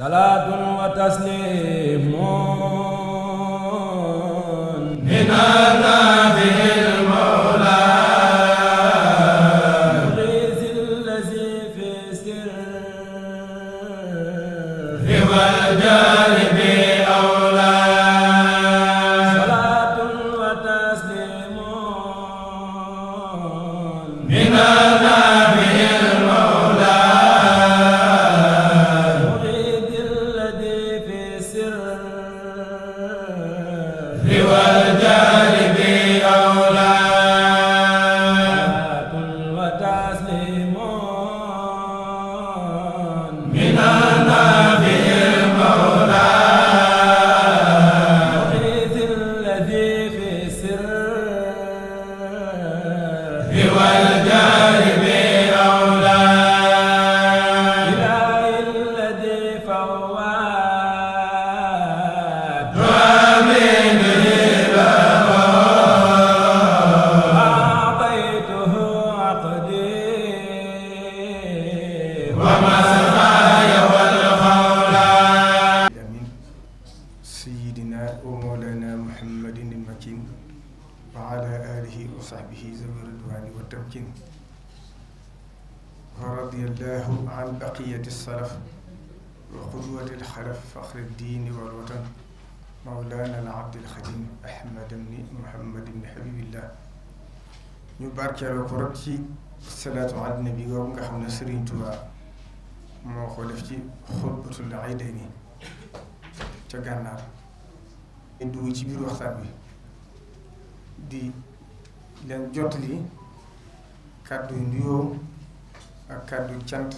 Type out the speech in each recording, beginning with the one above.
salaatun wa tasliimun an baqiyati salaf wa qudwati alxalaf faxri ddiini wal watan mawlaana al abd al xadim ahmad ibni muhammad ibni habibillah ñu barkeeloo ko rek ci salaatu ala nabi nga xam ne Sëriñ Tuubaa moo ko def ci xutbatul aydayni ca gànnaar ñu ci biir waxtaan bi di leen jot li kàddu nuyoo ak kàddu cant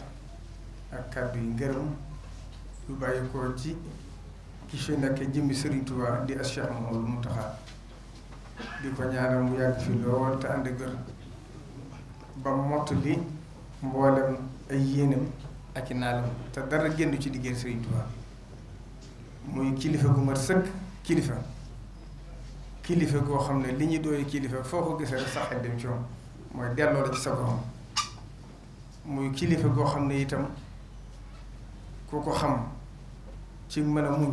ak kàddu yu ngërëm yu bàyyi ko ci ki fi nekk jëmmi Serigne Touba di as Cheikh Mouhamadou Mountakha di ko ñaanal mu yàgg fi lool te ànd ba mott li mboolem ay yéenam ak i naalam te dara génn ci liggéey Serigne Touba kilifa gu mat kilifa kilifa goo xam ne li ñu dooy kilifa foo ko gisee rek sax dem ci mooy delloo la ci sa borom muy kilifa goo xam ne itam. koo ko xam ci mën a muñ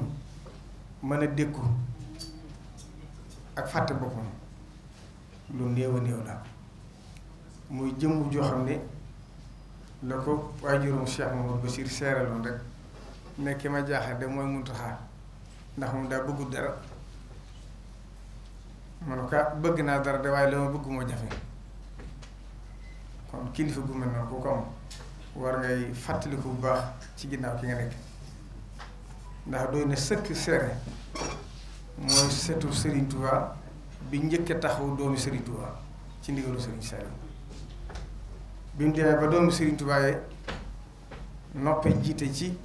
mën a dékku ak fàtte boppam lu néew a néew la muy jëmm joxam xam ne la ko waajurum Cheikh Mamadou Bachir seeraloon rek nekki ma jaaxal de mooy Muntaxa ndax moom daa bëggul dara man ko ah, bëgg naa dara de waaye la ma bëgg jafe kon kilifa gu mel noonu ku ko am war ngay fàttaliku bu baax ci ginnaaw ki nga nekk ndax doy na sëkk seere mooy setu Serigne Touba bi njëkk a taxaw doomu Serigne ci ndigalu Serigne Saliou bi mu demee ba doomu Serigne Touba yi jiite ci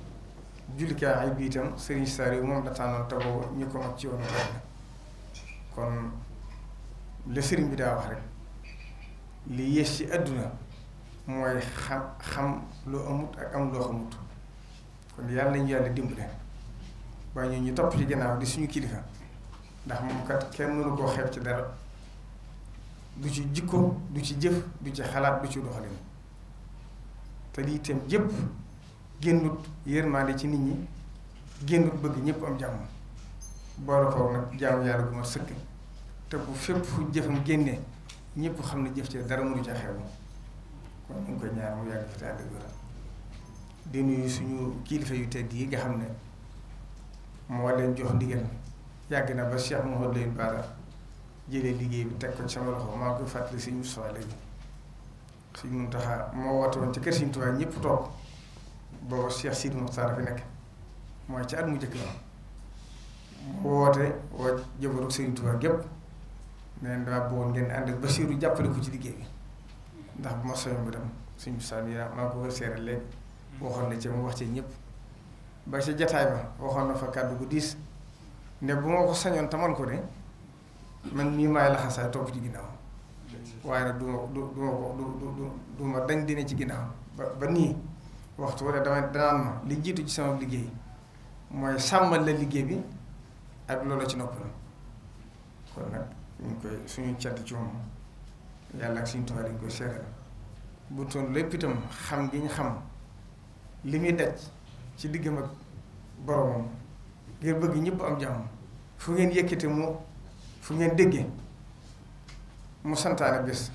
jullikaay ay biitam Serigne Saliou moom la tànnoon te boobu ñu ci woon kon la Serigne bi daa wax rek li yées ci àdduna mooy xam xam loo amut ak am loo xamut kon yàlla nañu yàlla dimbale waaye ñun ñu topp ci gannaaw di suñu kilifa ndax moom kat kenn mënul koo xeeb ci dara du ci jikko du ci jëf du ci xalaat du ci doxalin te lii itam yépp génnut yërmaande ci nit ñi génnut bëgg ñëpp am jàmm boole ko nag jaamu yàlla bu ma sëkk te bu fépp fu jëfam génnee ñëpp xam na jëf ci dara mënu ca xew kon ñu ngi koy mu yàgg fi te àgg ak suñu kilifa yu tedd yi nga xam ne moo leen jox ndigal yàgg na ba Cheikh Mouhamadou Lamine Bara jëlee liggéey bi teg ko sama loxo maa ngi koy fàttali si Moussa léegi Sëñ Muntaxa moo woote woon ci kër Sëñ Tuubaa ñëpp toog booba Cheikh Sidi Moustapha fi nekk mooy ci at mu njëkk la moo woote woo jabaru Sëñ Tuubaa gépp neen dama bëggoon ngeen ànd ak Basiiru jàppale ko ci liggéey bi ndax bu ma soñoon bi tam suñu bisaab yi maa ko koy seeral léegi mm-hmm. waxoon na ci mu wax ci ñëpp ba ca jataay ba waxoon na fa kàddu gu diis ne bu ma ko sañoon tamal ko de man mii maay laxasaay topp ci ginnaaw waaye nag du ma dañ dina ci ginnaaw ba ba nii waxtu wala dama danaan ma li jiitu ci sama liggéey mooy sàmmal la liggéey bi ak loolu ci nopp na kon nag ñu koy suñu cant ci moom yàlla ak suñu tubaab dañ koy seetal bu toon lépp itam xam gi ñu xam li muy daj ci diggam ak boromam ngir bëgg ñëpp am jàmm fu ngeen yëkkate mu fu ngeen déggee mu santaane bés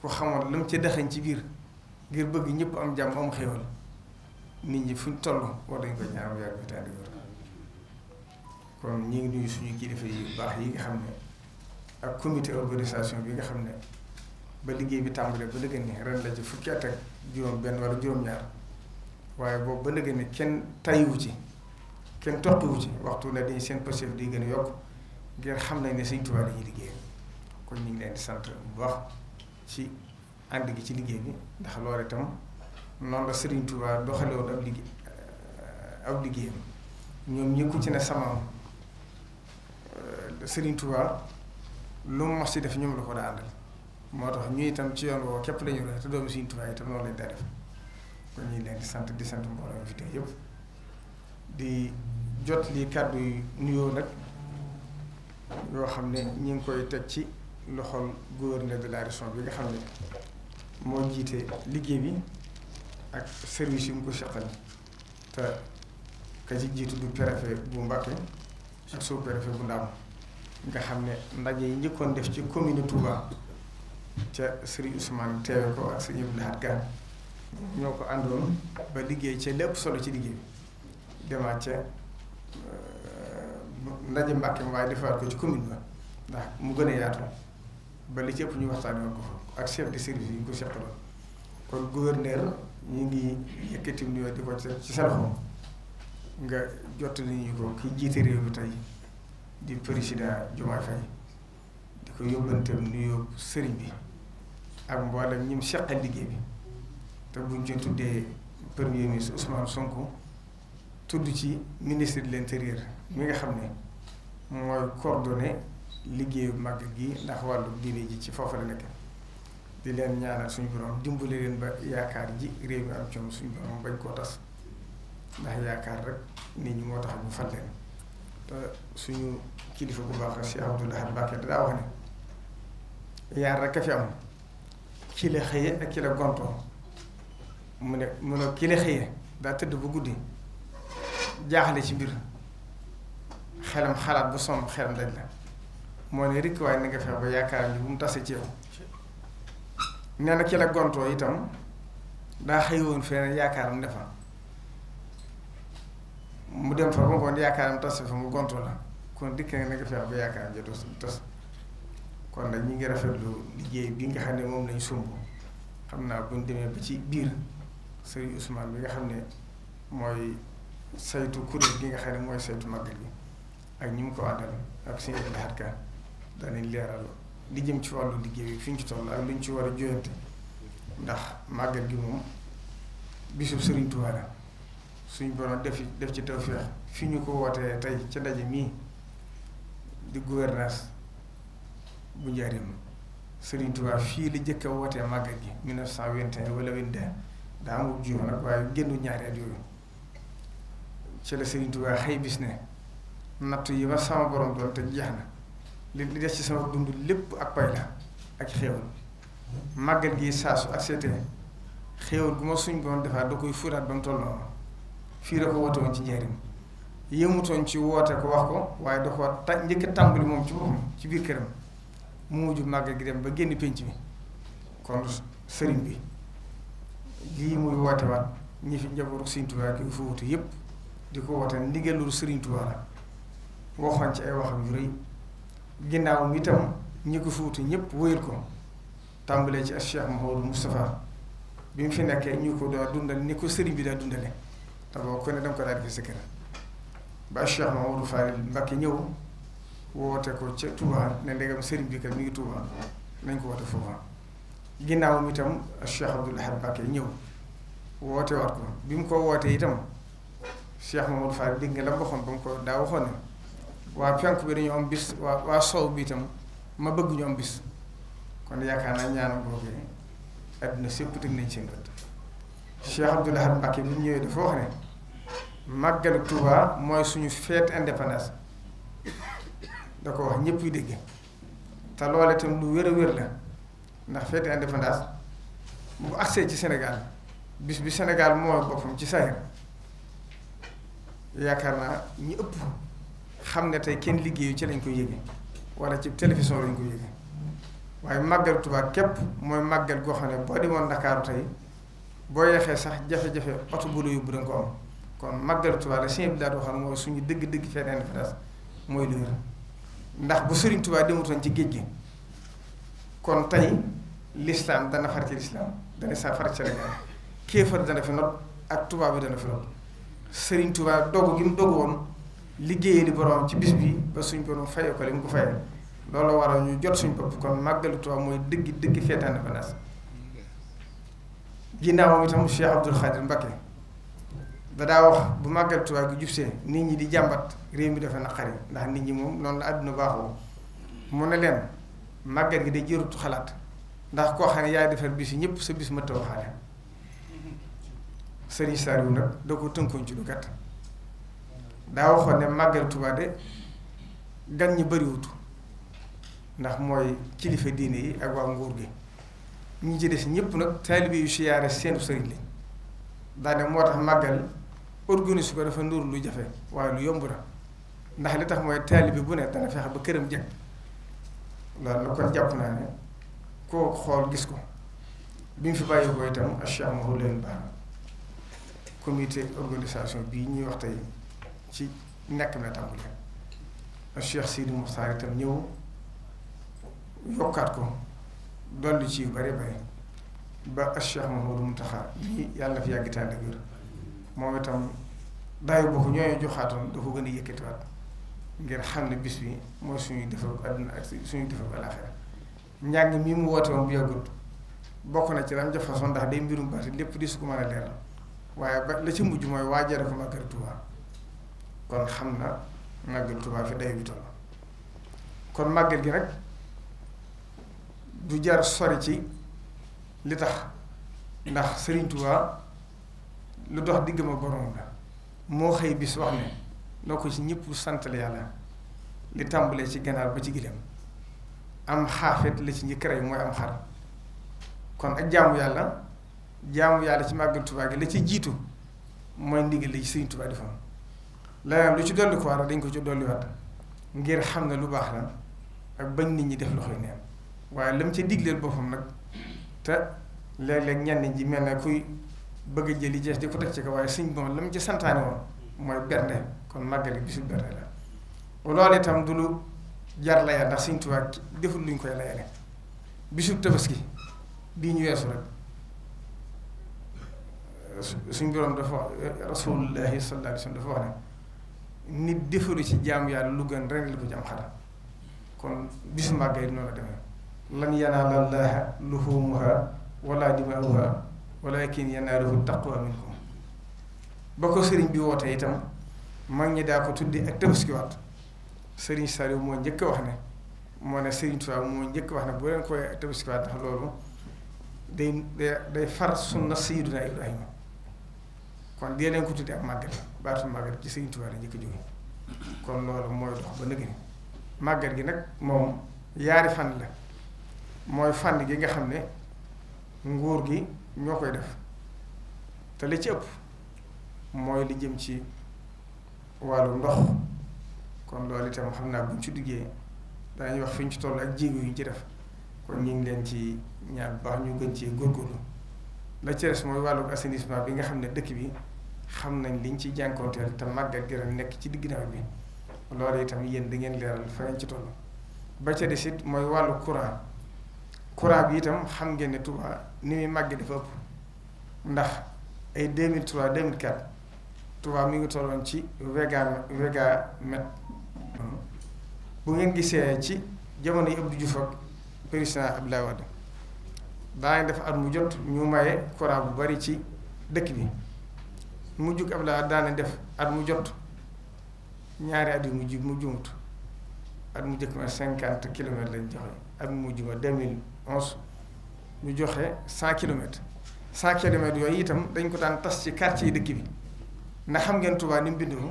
ku xamoon lam ci dexañ ci biir ngir bëgg ñëpp am jàmm am xéewal nit ñi fuñ toll war dañ ko ñaanam yàlla bi tànn kon ñu nuyu suñu kilifa yu baax yi nga xam ne ak comité organisation bi nga xam ne ba liggéey bi tàmbalee ba léegi nii ren la ci fukki at ak juróom benn wala juróom-ñaar waaye boobu ba léegi nii kenn tayiwu ci kenn toqiwu ci waxtu ne dañuy seen passif di gën a yokk ngeen xam na ne Sëñ Tuubaa dañuy liggéey kon ñu ngi leen di sant bu baax ci ànd gi ci liggéey bi ndax loolu itam noonu la Sëriñ Tuubaa doxalewoon ab liggéey euh, ab liggéeyam ñoom ñëkku ci ne sama euh, Sëriñ Tuubaa lu mu mos ci def ñoom la ko daa àndal moo tax ñu itam ci yoon woo képp lañu doon te doomu Sëriñ Tuubaa itam noonu lañ daa def kon ñu leen di sant di sant mbooloo mi fi di jot li kàddu yu nuyoo nag yoo xam ne ñu ngi koy teg ci loxol gouverneur de la région bi nga xam ne moo jiite liggéey bi ak service yu mu ko seqal te ka ci jiitu du préfet bu Mbacké ak sous-préfet bu Ndam nga xam ne ndaje yi njëkkoon def ci commune Touba. ca Serigne Ousmane teewe ko ak Serigne Abdou Lahad Ka ñoo ko àndoon ba liggéey ca lépp solo ci liggéey demaat ca euh, ndaje Mbàkke waaye defaat ko ci commune ba ndax mu gën a yaatu ba li ci ëpp ñu waxtaan yoon ko fa ko seqaloon kon ñu ngi yëkkati nuyoo di ko ci sa nga jot nañu ko ki jiite réew bi tey di président Diomaye Faye di ko yóbbante nuyoo sëriñ bi ak mboolem ñi mu seqal liggéey bi te buñ ci tuddee premier ministre Ousmane Sonko tudd ci ministre de l'intérieur mi nga xam ne mooy coordonné liggéeyu màgg gi ndax wàllu diine ji ci foofu la nekk di leen ñaanal suñu borom dimbali leen ba yaakaar ji réew mi am coom suñu borom bañ koo tas ndax yaakaar rek nit ñi moo tax bu fal leen te suñu kilifa bu baax Cheikh Abdoul Ahad Mbacké daa wax ne yaar rek a fi am. ci la xëye ak ci la gontoo mu ne mu ne ki la xëye daa tëdd bu guddi jaaxale ci mbir xelam xalaat bu somb xelam daj la moo ne rikk waaye na nga fexe ba yaakaar bi bu mu tasee ci yow nee na la gontoo itam daa xëy woon feneen yaakaaram ne fa mu dem fa ba ngoon yaakaaram tas fa mu gontoo la kon dikk na nga fexe ba yaakaaram ja dos tas kon nag ñi ngi rafetlu liggéey bi nga xam ne moom lañ sumb xam naa buñ demee ba ci biir sëriñ Ousmane bi nga xam ne mooy saytu kuréel gi nga xam ne mooy saytu màggal bi ak ñi mu ko àndal ak suñu Abdou Ka danañ leeral li jëm ci wàllu liggéey bi fi ñu ci toll ak ci war a joyante ndax màggal gi moom bisub sëriñ Tuubaa la suñ borom def def ci tawfeex fi ñu ko wootee tey ca ndaje mii di gouvernance bu njaareem Serigne Touba fii li jëkk a wootee màggal gi 1921 wala 22 daa amul juróom nag waaye génnu ñaari at yooyu ci la Serigne Touba xëy bis ne natt yi ba sama borom doon te jeex na li li des ci sama dund lépp ak pay la ak xéewal màggal gi saasu ak seetee xéewal gu ma suñ borom defaat da koy furaat ba mu toll fii la ko woote woon ci njaareem yëmutoon ci woote ko wax ko waaye da koo ta njëkk a moom ci boppam ci biir këram. mu mujj màgg gi dem ba génn pénc mi kon sëriñ bi lii muy woote ñi fi njabootu Sëriñ Tuubaa ki fi wutu yëpp di ko woote ndigalul Sëriñ Tuubaa la waxoon ci ay waxam yu rëy ginnaaw mi itam ñi ko fi wutu ñëpp wóyal ko tàmbalee ci Cheikh Mouhamadou Moustapha bi mu fi nekkee ñu ko daa dundal ni ko sëriñ bi daa dundale te boo ko ne danga ko daal di fi sa kër ba Cheikh Mouhamadou Fallil Mbacké ñëw woote ko ca Touba ne ndegam sëriñ bi kat mi ngi Touba nañ ko woote foofa ginnaaw mi itam Cheikh Abdoul Ahad Mbacké ñëw woote waat ko bi mu ko wootee itam Cheikh Mamadou Fall dégg nga la mu waxoon ba mu ko daa waxoon ne waa penk bi dañu am bis waa waa soow bi itam ma bëgg ñu am bis kon yaakaar naa ñaanam boobee adduna sépp teg nañ seen bët Cheikh Abdoul Ahad Mbacké mi ñëwee dafa wax ne màggalu Touba mooy suñu fête indépendance da ko wax ñëpp yu dégg te loole itam lu wér a wér la ndax fête indépendance bu agsee ci senegal bis bi Sénégal moo boppam ci Sahel yaakaar naa ñi ëpp xam ne tey kenn liggéeyu ci lañ ko yëge wala ci télévision lañ koy yëge waaye màggal Tuubaa képp mooy màggal goo xam ne boo demoon Ndakaaru tey boo yeexee sax jafe-jafe oto bu la yóbbu da ko am kon màggal Tuubaa la sëñ bi daal di wax mooy suñu dëgg-dëgg fête indépendance mooy lu wér ndax bu Sëriñ Tuubaa demutoon ci géej gi kon tey lislaam dana far ci lislaam dana sa ci Sénégal kéefar dana fi not ak tubaab bi dana fi not Sëriñ tubaab dogu gi mu dogu woon liggéeyee di borom ci bis bi ba suñ borom fayoo ko li mu ko fayee loolu waral ñu jot suñ bopp kon màggalu Tuubaa mooy dëgg dëgg feetaan na banaas ginnaawam itam Cheikh Abdoul Khadir Mbacké dadaa wax bu màggal Tuubaa gi jubsee nit ñi di jàmbat réew mi dafa naqari ndax nit ñi moom noonu la àdduna baaxoo mu ne leen màggal gi day jërutu xalaat ndax koo xam ne yaay defar bis yi ñëpp sa bis mëtta waxaale sëriñ Saliou nag da ko tënkoon ci lu gàtt daa waxoon ne màggal Tuubaa de gan ñi bariwutu ndax mooy kilifa diine yi ak waa nguur gi ñu ci des ñëpp nag taalibe yu siyaare seenu sëriñ lañ daane moo tax màggal organise ko dafa ndur jafe waaye lu yomb la ndax li tax mooy taalibe bu ne dana ba këram jekk loolu jàpp naa ne koo xool gis ko bi mu fi bàyyi ko bii ñuy wax tey ci nekk na tàmbali Cheikh Sidi Moustapha itam ñëw yokkaat ko dolli ci yu bare bare ba Cheikh Mawlana Mountakha lii yàlla fi yàgg tànn moom itam daayu ñoo ñooñu joxaatoon da ko gën a yëkkatiwaat ngir xam ne bis bi mooy suñuy defaru àdduna ak suñuy defaru àllaaxira njàng mi mu woote woon bu yàggut bokk na ci lam jafasoon ndax day mbirum baati lépp di su ko mën a leeral waaye ba la ci mujj mooy waa waajare ko màggal Tuubaa kon xam na màggal Tuubaa kon màggal gi rek du jar sori ci li tax ndax Sëriñ Tuubaa lu dox diggam ak borom la moo xëy bis wax ne noo ko ci ñëpp santale yàlla li tàmbalee ci ganaar ba ci gileem am xaafet la ci njëkk rey mooy am xar kon ak jaamu yàlla jaamu yàlla ci màggal Tuubaa gi la ci jiitu mooy ndigal la ci Sëriñ Tuubaa defoon leneen lu ci dolli ko war dañ ko ci dolliwaat ngir xam ne lu baax la ak bañ nit ñi def lu xëy neen waaye lam ci digleel boppam nag te léeg-léeg ñenn ji mel na kuy bëgg a jëli jees di ko teg ci ko suñ bon la mu ci santaane woon mooy bernde kon màggali bisu bernde la loolu itam du lu jar laya ndax Sëñ Tuubaa deful luñ koy layale bisu tabaski bii ñu weesu rek suñ borom dafa rasulullahi sallallahu alayhi wasallam dafa wax ne nit defalu ci jaamu yàlla lu gën ren li bu jam xaram kon bisu màggal yi noonu la demee lan yanaala llaaha luhuumuhaa wala dimaa'uhaa walakin yanaaluhu taqwa minkum ba ko sëriñ bi woote itam mag ñi daa ko tuddi ak tabaskiwaat sëriñ Saliou moo njëkk wax ne moo ne sëriñ Tuubaa moo njëkk wax ne bu leen koy ak tabaskiwaat ndax far sunna sayyiduna Ibrahima kon dee leen ko tuddi ak màggal ci sëriñ Tuubaa la jóge kon loolu mooy dox ba nëgëni màggal gi nag moom yaari fànn la mooy fànn gi nga xam ne nguur gi ñoo koy def te li ci ëpp mooy li jëm ci wàllu ndox kon loolu itam xam naa buñ ci duggee daañuy wax fi ñu ci toll ak jéego yu ñu ci def kon ñu ngi leen ci ñaar baax ñu gën ci góorgóorlu la ci des mooy wàllu assainissement bi nga xam ne dëkk bi xam nañ liñ ci jànkoonteel te màggat gërëm nekk ci digg bi loolu itam yéen da ngeen leeral fa ci toll ba ca des it mooy wàllu courant courant bi itam xam ngeen ne Touba ni muy màgg dafa ëpp ndax ay 2003 2004 Touba mi ngi toloon ci vega vega met bu ngeen gisee ci jamono yi Abdou Diouf ak président Abdoulaye Wade def at mu jot ñu maye courant bu bari ci dëkk bi mu jug Abdoulaye daane def at mu jot ñaari at yu mu ji mu jumut at mu jëkk ma cinquante kilomètres lañ joxe at mu mujj ma deux mille onze ñu joxe cent kilomètres cent kilomètres yooyu itam dañ ko daan tas ci quartier yi dëkk bi ndax xam ngeen Touba ni mu bindoo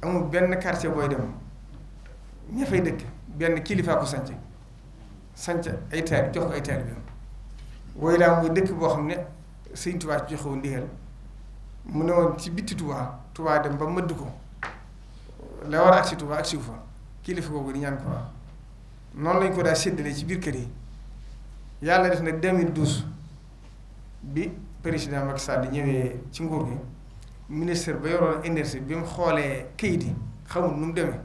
amul benn quartier booy dem ña fay dëkk benn kilifaa ko sanc sanc ay taal jox ko ay taal bi wooyu laa mooy dëkk boo xam ne sëñ Touba ci joxewu ndigal mu ne woon ci bitti tubaa Touba dem ba mëdd ko la war a agsi Touba agsi fa kilifa googu di ñaan ko noonu lañ ko daa séddale ci biir kër yi yàlla def na 2012 bi président Macky Sall di ñëwee ci nguur gi ministre ba yoroon énergie bi mu xoolee kayit yi xamul nu mu demee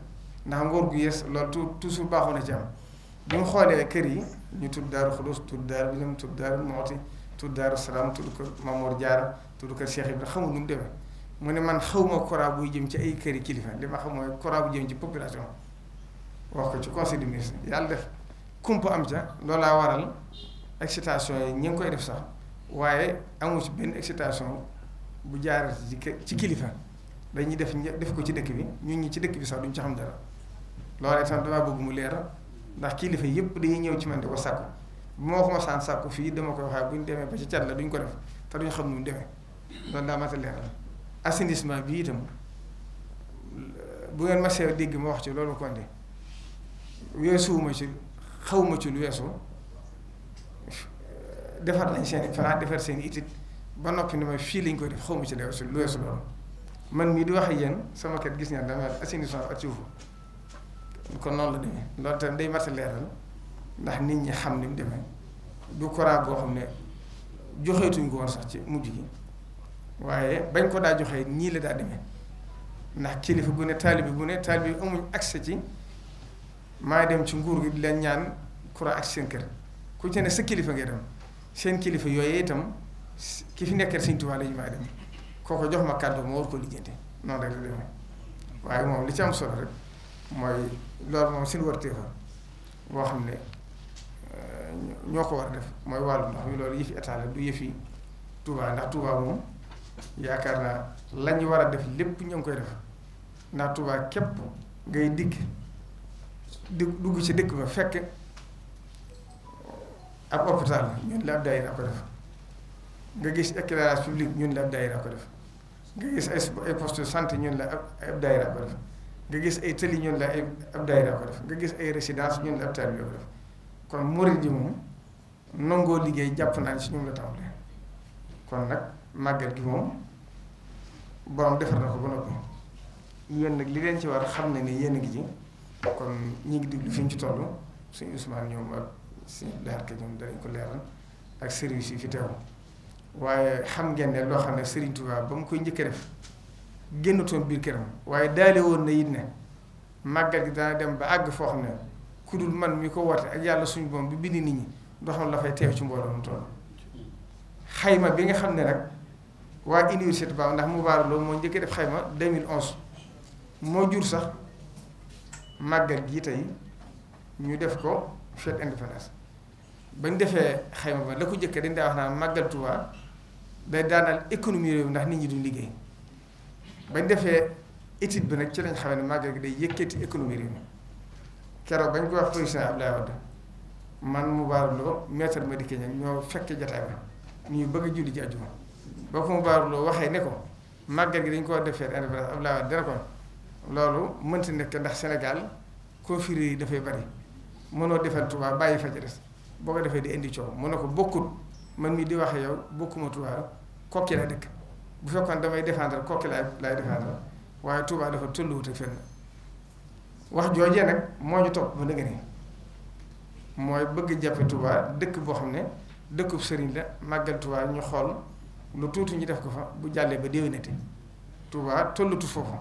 ndax nguur gu yées loolu toujours tout na ci am bi mu xoolee kër yi ñu tudd daar Xudus tudd Daaru Bilam tudd Daaru Mooti tudd Daaru Salaam tudd kër Mamour Diarra tudd kër Cheikh Ibrahima xamul nu mu demee mu ne man xawma courant buy jëm ci ay kër yi kilifa li ma xam mooy courant bu jëm ci population wax ko ci conseil des ministres yàlla def. kumpa am ca loolu laa waral excitation yi ñu ngi koy def sax waaye amu ci benn excitation bu jaar ci kilifa dañuy def def ko ci dëkk bi ñun ñi ci dëkk bi sax duñ ci xam dara loolee damaa bëgg mu leer ndax kilifa yëpp dañuy ñëw ci man di ko sàkku sàkku fii dama koy waxaat bu ñu demee ba ci cat la duñ ko def te duñ xam nu mu demee loolu daa mat leer leeral assainissement bi itam bu ngeen ma dégg ma wax ci loolu konte weesuwuma ci xawma ci lu weesu defar nañ seen fanaan defar seen itit ba noppi ni ma fii lañ koy def xawma ci lu weesu lu loolu man mii di wax ak yéen sama kat gis ngeen dama assainissement kon noonu la demee loolu tamit day mat ndax nit ñi xam ni mu demee du courant xam ne joxeetuñ ko ci mujj gi waaye bañ ko daa joxee nii la daa demee ndax kilifa gu ne taalibe gu ne taalibe amuñ accès ci maa dem ci nguur gi di leen ñaan courant ak seen kër ku ci sa kilifa ngay dem seen kilifa yooyu itam ki fi nekkal Sëriñ Tuubaa la ñu maay dem kooko jox ma kàddu ma ko lijjanti noonu rek la moom li ci am rek mooy loolu xam ne euh, ñoo ko war a def mooy wàllu loolu yëfi état la du yëfi Touba ndax Touba moom yaakaar naa lañ ñu war a def lépp ñu ngi koy def ndax Touba képp ngay dikk di dugg ci dëkk ba fekk ab hôpital ñun la ab daayira ko def nga gis éclairage public ñun la ab daayira ko def nga gis ay ay poste santé ñun la ab daayira ko nga gis ay tëli ñun ay ab daayira ko def nga gis ay résidence ñun la ab taalibe ko def kon murid yi moom nangoo liggéey jàpp naa ci ñoom la tàmbalee kon nag màggal gi moom borom defar na ko ba noppi yéen nag li leen ci war xam ne ni yéen a ngi ci kon ñi ngi diglu fi ñu ci toll suñu Ousmane ñoom ak si daarke ñoom danañ ko leeral ak service yi fi teew waaye xam ngeen ne loo xam ne Serigne Touba ba mu koy njëkk génn génnatoon biir këram waaye daale woon na it ne màggal gi dana dem ba àgg foo xam ne ku dul man mi ko woote ak yàlla suñu boom bi bind nit ñi doxam la fay teew ci mbooloo mu toll xayma bi nga xam ne nag waa université ba ndax mu baaraloo moo njëkk def xayma 2011 moo jur sax màggal gii tey ñu def ko fête indépendance bañ defee xayma ba la ko jëkk dañ daa wax naa màggal Tuubaa day daanal économie réew ndax nit ñi duñ liggéey bañ defee étude bi nag ci lañ xamee ne màggal gi day yëkkati économie réew mi keroog bañ ko wax président Abdoulaye Wade man mu baaruloo maître Madické Niang ñoo fekke jataay ba ñu bëgg a julli ci àjjuma boo ko mu baaruloo waxee ne ko màggal gi dañ ko war a defee ab Abdoulaye Wade dana ko loolu mënta nekk ndax Sénégal confréries yi dafay bari mënoo defal Touba bàyyi fa ca des boo ko defee di indi coow mën a ko bokkut man mii di wax yow bokkuma Touba kokki la dëkk bu fekkoon damay défendre kokki laay laay défendre waaye Touba dafa tolluwut ak fenn wax joojee nag moo ñu topp ba dëgg mooy bëgg jàppe Touba dëkk boo xam ne dëkkub sëriñ la màggal Touba ñu xool lu tuuti ñu def ko fa bu jàllee ba déwénati tubaa tollutu foofu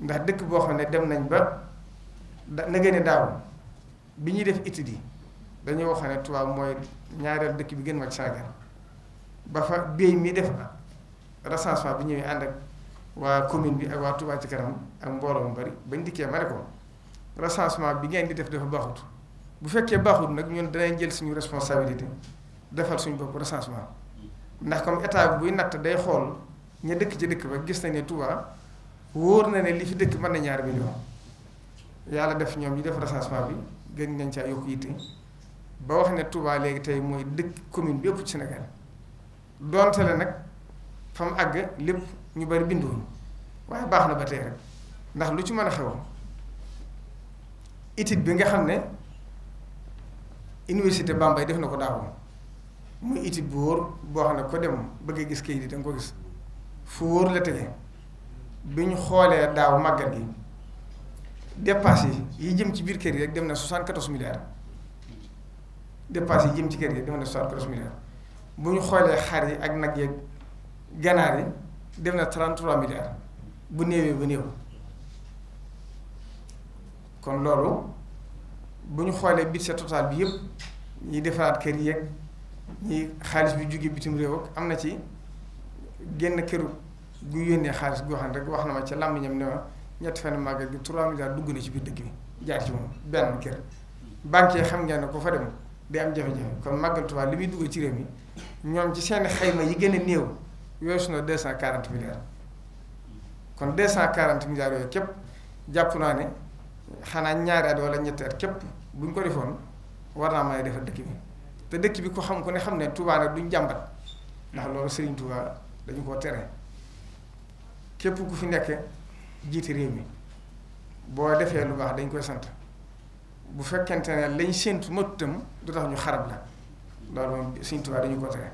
ndax dëkk boo xam ne dem nañ ba da na gën a daaw bi ñuy def étude yi dañuy wax ne Tuubaa mooy ñaareel dëkk bi gën mag Sénégal ba fa béy mi def recensement bi ñëwee ànd ak waa commune bi ak waa Touba ci kanam ak mbooloo mu bari bañ dikkee ma ne ko recensement bi ngeen di def dafa baaxut bu fekkee baaxut nag ñun danañ jël suñu responsabilité defar suñu bopp recensement ndax comme état buy natt day xool ña dëkk ci dëkk ba gis nañ ne Touba wóor na ne li fi dëkk mën na ñaar million yàlla def ñoom ñu def recensement bi gën nañ caa yokk yitte ba wax ne Touba léegi tey mooy dëkk commune bi yëpp ci Sénégal donte nag fa mu àgg lépp ñu bari binduwuñ waaye baax na ba tey rek ndax lu ci mën a xewoon étude bi nga xam ne université Bambey def na ko daawoon muy étude bu wóor boo xam ne ko dem bëgg a gis kayit yi danga ko gis fu wóor la tege. bi ñu xoolee daaw màggal gi dépenses yi yi jëm ci biir kër gi rek dem na 74 milliards dépenses yi jëm ci kër gi dem na 74 milliards bu ñu xoolee xar yi ak nag yeeg ganaar yi dem na 33 milliards bu néewee ba néew kon loolu bu ñu xoolee budget total bi yëpp ñuy defaraat kër yeeg ñi xaalis bi jóge bitim réew ak am na ci génn këru. gu yónnee xaalis goo xam ne rek wax na ma ca làmmiñam ne ma ñetti fan màggal gi 3 milliards dugg na ci biir dëkk bi jaar ci moom benn kër banque yi xam ngeen ne ko fa dem day am jafe-jafe kon màggal Tuubaa li muy dugg ci réew mi ñoom ci seen xayma yi gën a néew weesu na 240 milliards kon 240 milliards yooyu képp jàpp naa ne xanaa ñaari at wala ñetti at képp bu ñu ko defoon war naa ma a defar dëkk bi te dëkk bi ko xam ko ne xam ne Tuubaa nag jàmbat ndax loolu Serigne Touba dañu koo tere. képp ku fi nekk jiiti réew mi boo defee lu baax dañ koy sant bu fekkente ne lañ séentu mattam du tax ñu xarab la loolu moom dañu ko tere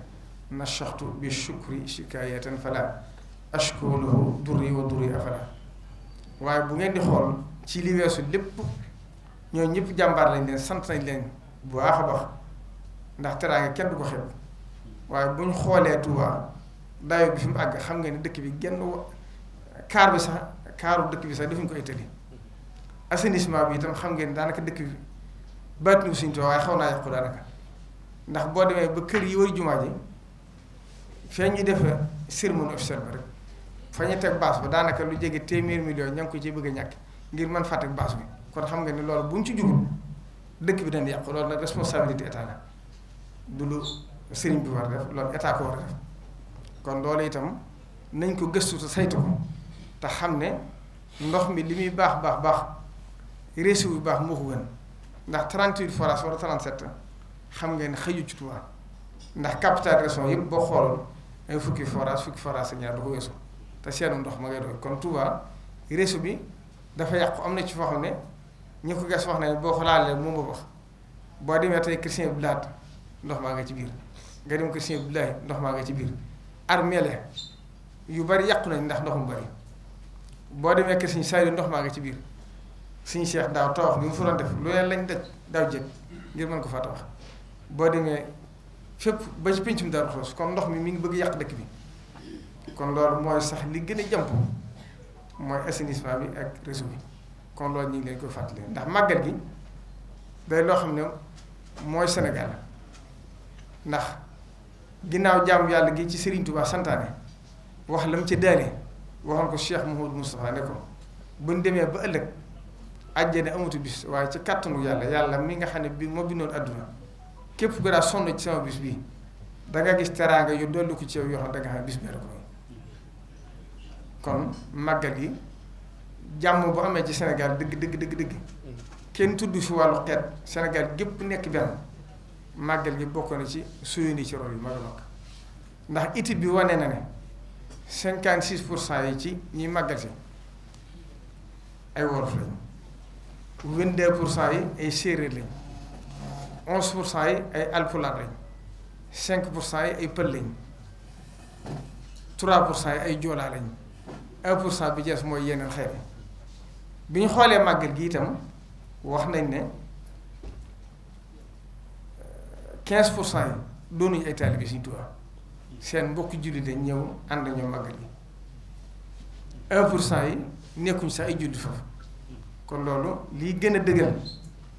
nashaxtu bi shukri shikayatan fala ashkuluhu durri wa durri afala waaye bu ngeen di xool ci li weesu lépp ñoo ñëpp jàmbaar lañ leen sant nañ leen bu baax a baax ndax teraanga kenn du ko xeeb waaye buñ xoolee Tuubaa daayo bi fi àgg xam nga ne dëkk bi genn kaar bi sax kaaru dëkk bi sax defuñ ko ay tëli assainissement bi itam xam ngeen daanaka dëkk bi baat nu suñ waaye xaw naa yàqu daanaka ndax boo demee ba kër yi wër jumaa ji fee ñu def cérémonie officielle ba rek fa ñu baas ba daanaka lu jege téeméer million ña ngi ko ci bëgg a ñàkk ngir mën fàtte baas bi kon xam nga ni loolu bu ñu ci jugul dëkk bi dañ yàqu loolu nag responsabilité état la du lu sëriñ bi war def loolu état ko war a def kon loolu itam nañ ko gëstu te saytu te xam ne ndox mi li muy baax baax baax réseau bu baax moo ko gën ndax 38 forages wala 37 xam nga ngeen xëyu ci Tuubaa ndax capital région yëpp boo xool ay fukki forage fukki forage ak ñaar du ko weesu te seenu ndox ma ngay doy kon Tuubaa réseau bi dafa yàqu am na ci foo xam ne ñu ko gas wax nañ boo ko laalee moom moo wax boo demee tey Christian laat ndox maa nga ci biir nga dem Christian Bilaay ndox maa nga ci biir armée yu bari yàqu nañ ndax ndox mu boo demee kër suñu saa yu ndox maa ngi ci biir suñu seex daaw tawax bi mu fa def lu yàlla lañ daj daaw jëkk ngir mën ko faa tawax boo demee fépp ba ci pencum Daaru Xudoos kon ndox mi mi ngi bëgg yàq dëkk bi kon loolu mooy sax li gën a jàmp mooy assainissement bi kon loolu ñu ngi leen koy fàttali ndax màggal gi day loo xam ne mooy Sénégal ndax ginnaaw jaamu yàlla gi ci Serigne Touba santaane wax la mu ci daane waxal ko Cheikh Mouhamadou Moustapha ne ko ñu demee ba ëllëg àjjana amatu bis waaye ci kàttanu yàlla yàlla mi nga xam ne bi moo bindoon àdduna képp ku daa sonn ci sama bis bii danga gis teraanga yu dolli ko ci yow yoo xam danga xam bis bee kon màggal gi jàmm bu amee ci senegal dëgg dëgg dëgg dëgg kenn tudd fi wàllu xeet senegal gépp nekk benn màggal gi bokk na ci suy ni ci rol yu mag mag ndax étude bi wane na ne cinquante six pour cent yi ci ñuy màggal si ay wolof lañ vingt deux pour cent yi ay séeréer lañ onze pour cent yi ay alpulaar lañ cinq pour cent yi ay pël lañ trois pour cent yi ay joolaa lañ un pour cent bi jeex mooy yeneen xeet bi ñu xoolee màggal gi itam wax nañ ne euh, quinze pour cent yi doonuñu ay taalibe Sëriñ Tuubaa seen mbokk jullit dañ ñëw ànd ñoo màggal yi un pour yi nekkuñ sax ay jullit foofu kon loolu lii gën a dëgëral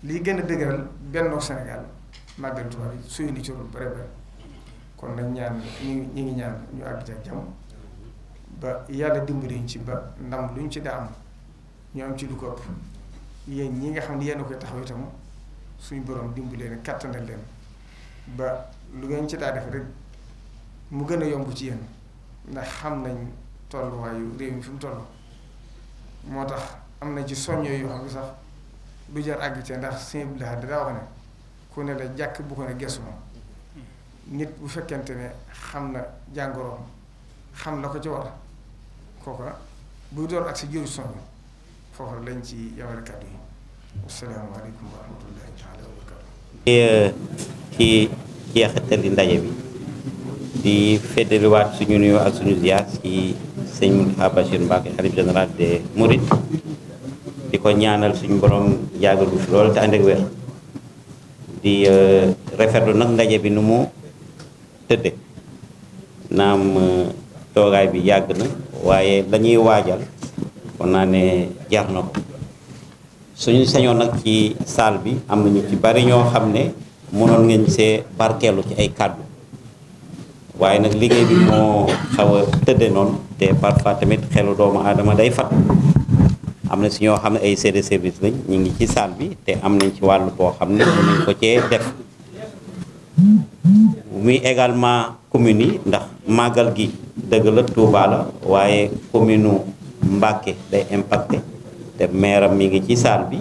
lii gën a dëgëral benn Sénégal màggal Tuubaa bi suy ni ci kon nañ ñaan ñu ñu ñu àgg ca ba yàlla dimbaliñ ci ba ndam luñ ci daa am ñu am ci lu ko ëpp yéen ñi nga xam ne yéen a koy taxaw itam suñu borom dimbalee ne kàttanal leen ba lu ngeen ci daa def rek mu gën a yomb ci yéen ndax xam nañ tolluwaayu réew mi fi mu moo tax am na ci soññoo yoo xam ne sax du jar àgg ci ndax sëñ bi daal daa wax ne ku ne la jàkk bu ko ne gesu nit bu fekkente ne xam na jàngoro xam la ko ci war kooka buy door ak si jëru soññ foofu lañ ci yamale yi asalaamaaleykum wa rahmatullahi ci jeexatali ndaje bi di féddaliwaat suñu nuyu ak suñu ziar ci sëñ Mountakha Bachir Mbacké xalif général des Mourides di ko ñaanal suñu borom yàggal ko fi lool te ànd ak wér di euh, rafetlu nag ndaje bi nu mu tëdde naam euh, toogaay bi yàgg na waaye lañuy waajal kon naa ne jar na ko suñu sañoon nag ci salle bi am na ñu ci bari ñoo xam ne mënoon ngeen see barkeelu ci ay kàddu waaye nag liggéey bi moo xaw a tëdde noonu te parfois tamit xelu doomu aadama day fat am na si ñoo xam ne ay chef de service lañ ñu ngi ci salle bi te am nañ ci wàllu boo xam ne mënuñ ko cee def muy également commune yi ndax màggal gi dëgg la Touba waaye commune Mbàkke day impacté te maire mi ngi ci salle bi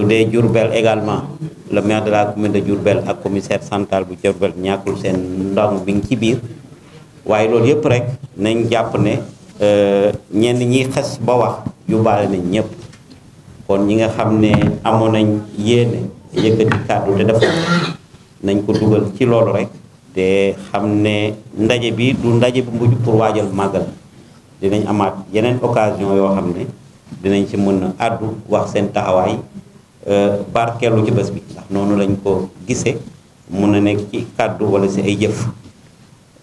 su dee Diourbel également le maire de la commune de Diourbel ak commissaire central bu Diourbel ñàkkul seen ndam bi ngi ci biir waaye loolu yëpp rek nañ jàpp ne euh, ñenn ñiy xes ba wax yóbbaale nañ ñëpp kon ñi nga xam ne amoon nañ yéene yëkkati kàddu te def nañ ko dugal ci loolu rek te xam ne ndaje bi du ndaje bi mujj pour waajal màggal dinañ amaat yeneen occasion yoo xam ne dinañ ci mën a àddu wax seen taxawaay Euh, barkellu ci bés bi ndax noonu lañ ko gisee mun na nekk ci kàddu wala si ay jëf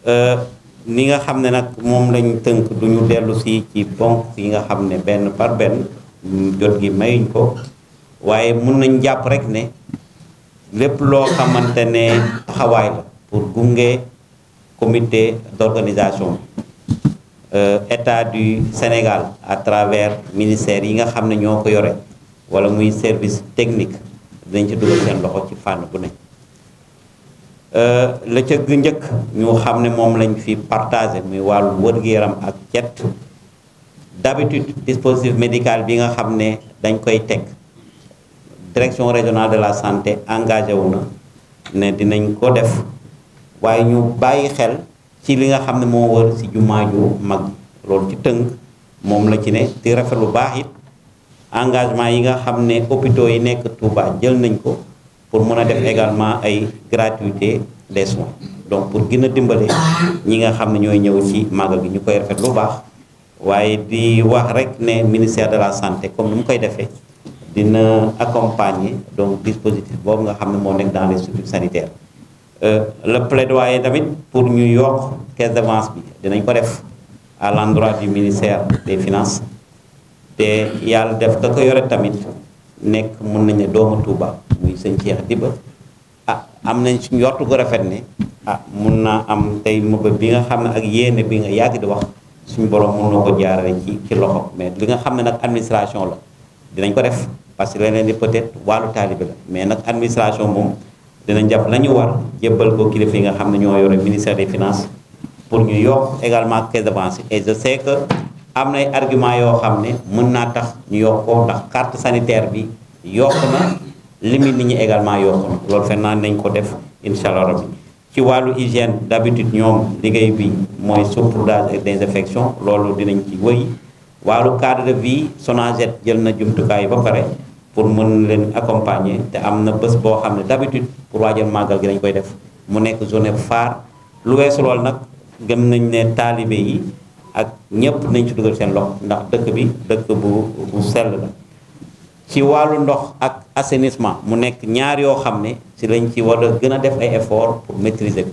euh, ni nga xam ne nag moom lañ tënk duñu dellu si ci bonk yi nga xam ne benn par jot gi mayuñ ko waaye mun nañ jàpp rek ne lépp loo xamante ne taxawaay la pour gunge comité d'organisation euh, état du Sénégal à travers ministère yi nga xam ne ñoo ko yore wala muy service technique dinañ ci dugal seen loxo ci fànn bu ne euh, la ca njëkk ñu xam ne moom lañ fi partage muy wàllu wër gi yaram ak cet d'habitude dispositif médical bi nga xam ne dañ koy teg direction régionale de la santé engagé wu na ne dinañ ko def waaye ñu bàyyi xel ci li nga xam ne moo wër si jumaa ju mag loolu ci tënk moom la ci ne di rafet lu baax it engagement yi nga xam ne hôpitaux yi nekk Touba jël nañ ko pour mën a def également ay gratuité des soins donc pour gën a dimbale ñi nga xam ne ñooy ñëw ci màggal gi ñu koy rafet lu baax waaye di wax rek ne ministère de la santé comme ni mu koy defee dina accompagner donc dispositif boobu nga xam ne moo nekk dans les structures sanitaires euh, le waaye tamit pour ñu yokk caisse d'avance bi dinañ ko def à l'endroit du ministère des finances te yàlla def ka ko yore tamit nekk mun nañ ne doomu Touba muy sëñ Cheikh Diba ah am nañ suñ yortu gu rafet ne ah mun naa am tey mëba bi nga xam ne ak yéene bi nga yàgg di wax suñu borom mun na ko jaarale ci ci loxo mais li nga xam ne nag administration la dinañ ko def parce que leneen di peut-être wàllu taalibe la mais nag administration moom dinañ jàpp la ñu war jébbal ko kilifa yi nga xam ne ñoo yore ministère des finances pour ñu yokk également caisse am nay argument yoo xam ne mën naa tax ñu yokk ko ndax carte sanitaire bi yokk na limite nit ñi également yokk na loolu fekk nañ ko def incha allah rabbi ci wàllu hygiène d'habitude ñoom liggéey bi mooy saupoudrage et désinfection loolu dinañ ci wëy wàllu cadre de vie Sonaged jël na jumtukaay ba pare pour mën leen accompagner te am na bés boo xam ne d'habitude pour waajal màggal gi dañ koy def mu nekk journée phare lu weesu loolu nag gëm nañ ne taalibe yi ñépp nañ ci dugal seen loxo ndax dëkk bi dëkk bu bu sell la ci wàllu ndox ak assainissement mu nekk ñaar yoo xam ne ci lañ ci war a gën a def ay effort pour maîtriser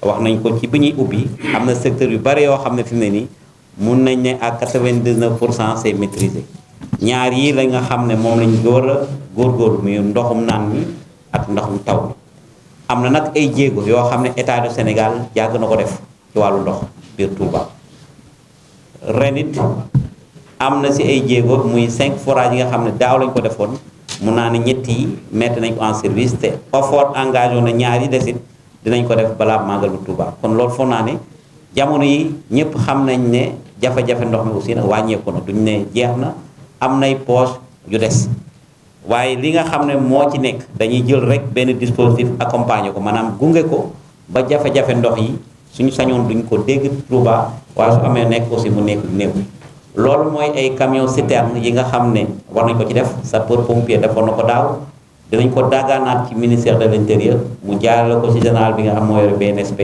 ko wax nañ ko ci bi ñuy ubbi am na secteur yu bari yoo xam ne fi ne nii mun nañ ne à 99 pour cent c'est maîtrisé ñaar yi la nga xam ne moom lañ war a góor góor muy ndoxum naan mi ak ndoxum taw mi am na nag ay jéego yoo xam ne état du Sénégal yàgg na ko def ci wàllu ndox biir Touba. ren am na si ay jéego muy cinq forage yi nga xam ne daaw lañ ko defoon mun naa ne ñett yi mettre nañ ko en service te effort engagé na ñaari yi desit dinañ ko def balaa màggalu Tuuba kon loolu foo naa ne jamono yi ñëpp xam nañ ne jafe-jafe ndox mi aussi nag wàññeeku na duñ ne jeex na am nay poche yu des waaye li nga xam ne moo ci nekk dañuy jël rek benn dispositif accompagner ko maanaam gunge ko ba jafe-jafe ndox yi suñu sañoon duñ ko dégg Touba waaye su amee nekk aussi mu nekk néew loolu mooy ay camion citerne yi nga xam ne war nañ ko ci def sa sapeur pompier defoon na ko daaw dinañ ko daagaanaat ci ministère de l'intérieur mu jaarale ko ci général bi nga xam moo yore BNSP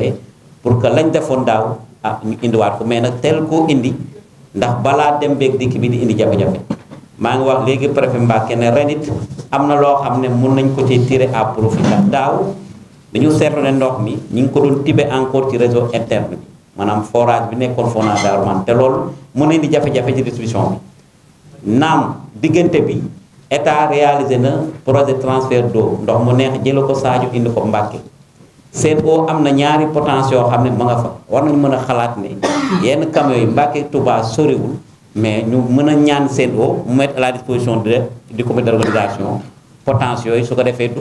pour que lañ defoon daaw ah ñu indiwaat ko mais nag teel koo indi ndax balaa dem beeg dikk bi di indi jafe-jafe maa ngi wax léegi préfet Mbacké kenn ren it am na loo xam ne mun nañ ko ci tirer à dañu seetlu ne ndox mi ñu ngi ko doon tibe encore ci réseau interne bi maanaam forage bi nekkoon forage Darou Mane te loolu mën nañ di jafe-jafe ci distribution bi naam diggante bi état réalisé na projet transfert doo ndox mu neex jële ko Sadio indi ko Mbàkke Sen'Eau am na ñaari potence yoo xam ne mu nga fa war nañu mën a xalaat ne yenn camions yi Mbàkke Touba soriwul mais ñu mën a ñaan Sen'Eau mu mettre à la disposition de du comité d'organisation potence yooyu su ko defee du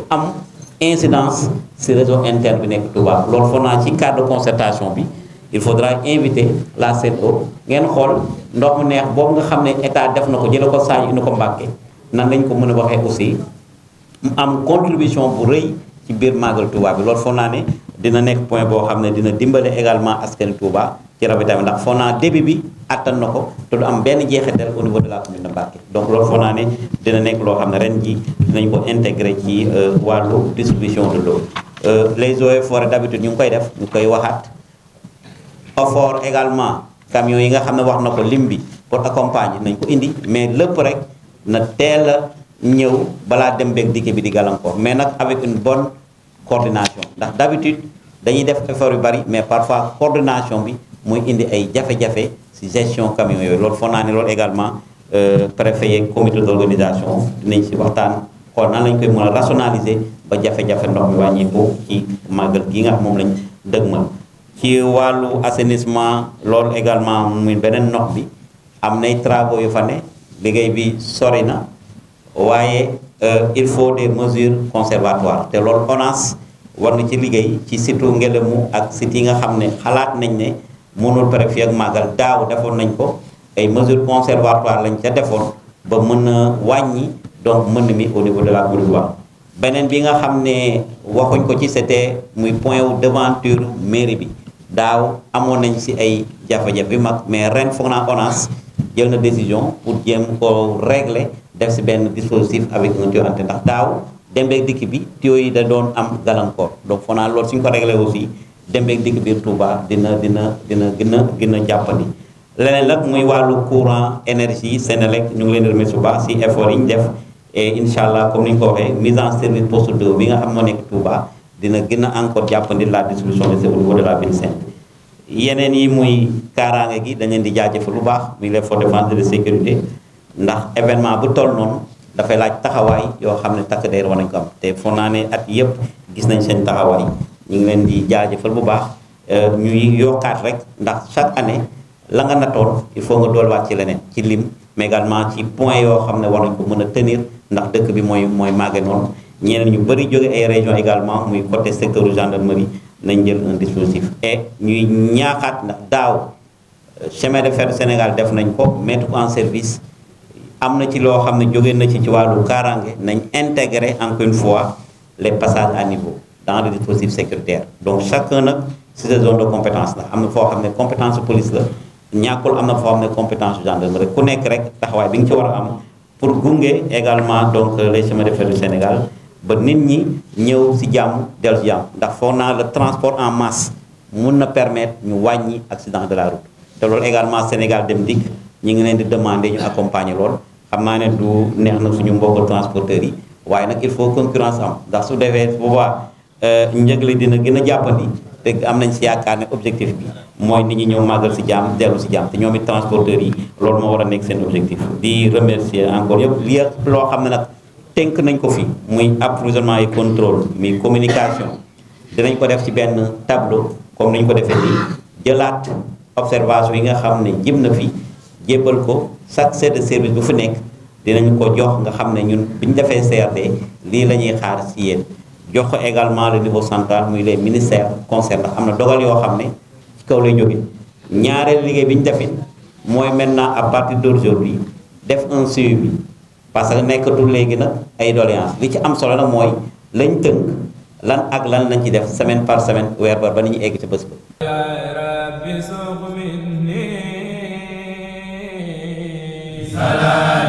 incidence si réseau interne bi nekk Touba loolu foog naa ci cadre de concertation bi il faudra inviter la CEDEAO ngeen xool ndox mu neex boobu nga xam ne état def na ko jële ko Sadio indi ko Mbàkke nan lañ ko mën a waxee aussi mu am contribution bu rëy ci biir màggal Touba bi loolu foog naa ne dina nekk point boo xam ne dina dimbale également askan Touba ci ravitaillement ndax foog naa début bi attan na ko te du am benn jeexital au niveau de la commune de Mbacké donc loolu foog naa ne dina nekk loo xam ne ren ji dinañ ko intégré ci euh, wàllu distribution de l'eau euh, les eaux et forêts ñu ngi koy def ñu koy waxaat effort également camions yi nga xam ne wax na ko lim bi pour accompagner nañ ko indi mais lépp rek na teel ñëw balaa dem beeg dikk bi di gàllankoor mais nag avec une bonne coordination ndax d'habitude dañuy def effort yu bari mais parfois coordination bi muy indi ay jafe-jafe ci gestion camion yooyu lool foog naa ne loolu également euh, préfet yeeg comité d'organisation dinañ si waxtaan xool naa lañ koy mën a rationaliser ba jafe-jafe ndox mi wàññeeku ci màggal gi nga xam moom lañ dëgmal ci wàllu assainissement loolu également muy beneen nox bi am nay travaux yu fa ne liggéey bi sori na. waaye euh, il faut des mesures conservatoires te lool ONAS war na ci liggéey ci situ Ngelamu ak sit yi nga xam ne xalaat nañ ne mënul pare fii ak màggal daaw defoon nañ ko ay mesures conservatoires lañ ca defoon ba mën na wàññi donc mën mi au niveau de la Goudouane beneen bi nga xam ne waxuñ ko ci c'était muy point wu devanture mairie bi daaw amoon nañ si ay jafe-jafe yu mag mais ren foog naa ONAS jël na décision pour jéem ko régler def si benn dispositif avec un tuyau antenne ndax daaw dembeeg dikk bi tuyau yi da doon am gàllankoor donc foo naa loolu suñ ko régler aussi dembeeg dikk biir Touba dina dina dina gën a gën a jàppandi leneen nag muy wàllu courant énergie Sénélec ñu ngi leen di remercier bu baax si effort yi ñu def et incha allah comme ni ñu ko waxee mise en service poste 2 bi nga xam moo nekk Touba dina gën a encore jàppandi la distribution de CO au niveau la Ville Sainte yeneen yi muy kaaraange gi dañ leen di jaajëfal bu baax muy les forces de défense de sécurité ndax événement bu toll noonu dafay laaj taxawaay yoo xam ne takk der war nañ ko am te foog naa ne at yëpp gis nañ seen taxawaay ñu ngi leen di jaajëfal bu baax euh, ñuy yokkaat rek ndax chaque année la nga natoon il faut nga dolliwaat ci leneen ci lim mais ci point yoo xam ne war nañ ko mën a tenir ndax dëkk bi mooy mooy màgge noonu ñeneen ñu bëri jóge ay région également muy côté secteur gendarmerie nañ jël un dispositif et ñuy ñaaxaat na daaw euh, chemin de fer Sénégal def nañ ko mettre en service am na ci loo xam ne jóge na ci ci wàllu kaaraange nañ intégrer en une fois les passages à niveau dans le dispositif sécuritaire donc chacun nag si sa zone de compétence la am na foo xam ne compétence police la ñàkkul am na foo xam ne compétence rek ku nekk rek taxawaay bi nga ci war a am pour gunge également donc euh, les chemins de fer Sénégal ba nit ñi ñëw ci jàmm dellu ci jàmm ndax foog naa le transport en masse mun na permettre ñu wàññi accident de la route te loolu également Sénégal dem dikk ñi ngi leen di demander ñu accompagner lool xam naa ne du neex na suñu mbokk transporteurs yi waaye nag il faut concurrence am ndax su defee bu boobaa euh, njëg li dina gën a jàppandi te am nañ ci yaakaar ne objectif bi mooy nit ñi ñëw màggal ci jàmm dellu si jàmm te ñoom it yi loolu moo war a nekk seen objectif di remercier yëpp loo xam ne nag tënk nañ ko fi muy approvisionnement et contrôle muy communication dinañ ko def ci benn tableau comme niñ ko defee nii jëlaat observation yi nga xam ne jëm na fi jébbal ko chaque chef de service bu fi nekk dinañ ko jox nga xam ne ñun bi ñu defee CRD lii la ñuy xaar ci yéen jox ko également le niveau central muy les ministères concernés am na dogal yoo xam ne ci kaw lay jóge ñaareel liggéey bi ñu defit mooy maintenant à partir d'aujourd'hui def un suivi parce que nekkatul léegi nag ay doléance li ci am solo na mooy lañ tënk lan ak lan lañ ci def semaine par semaine weer ba ba ni ñu egg ci bés ba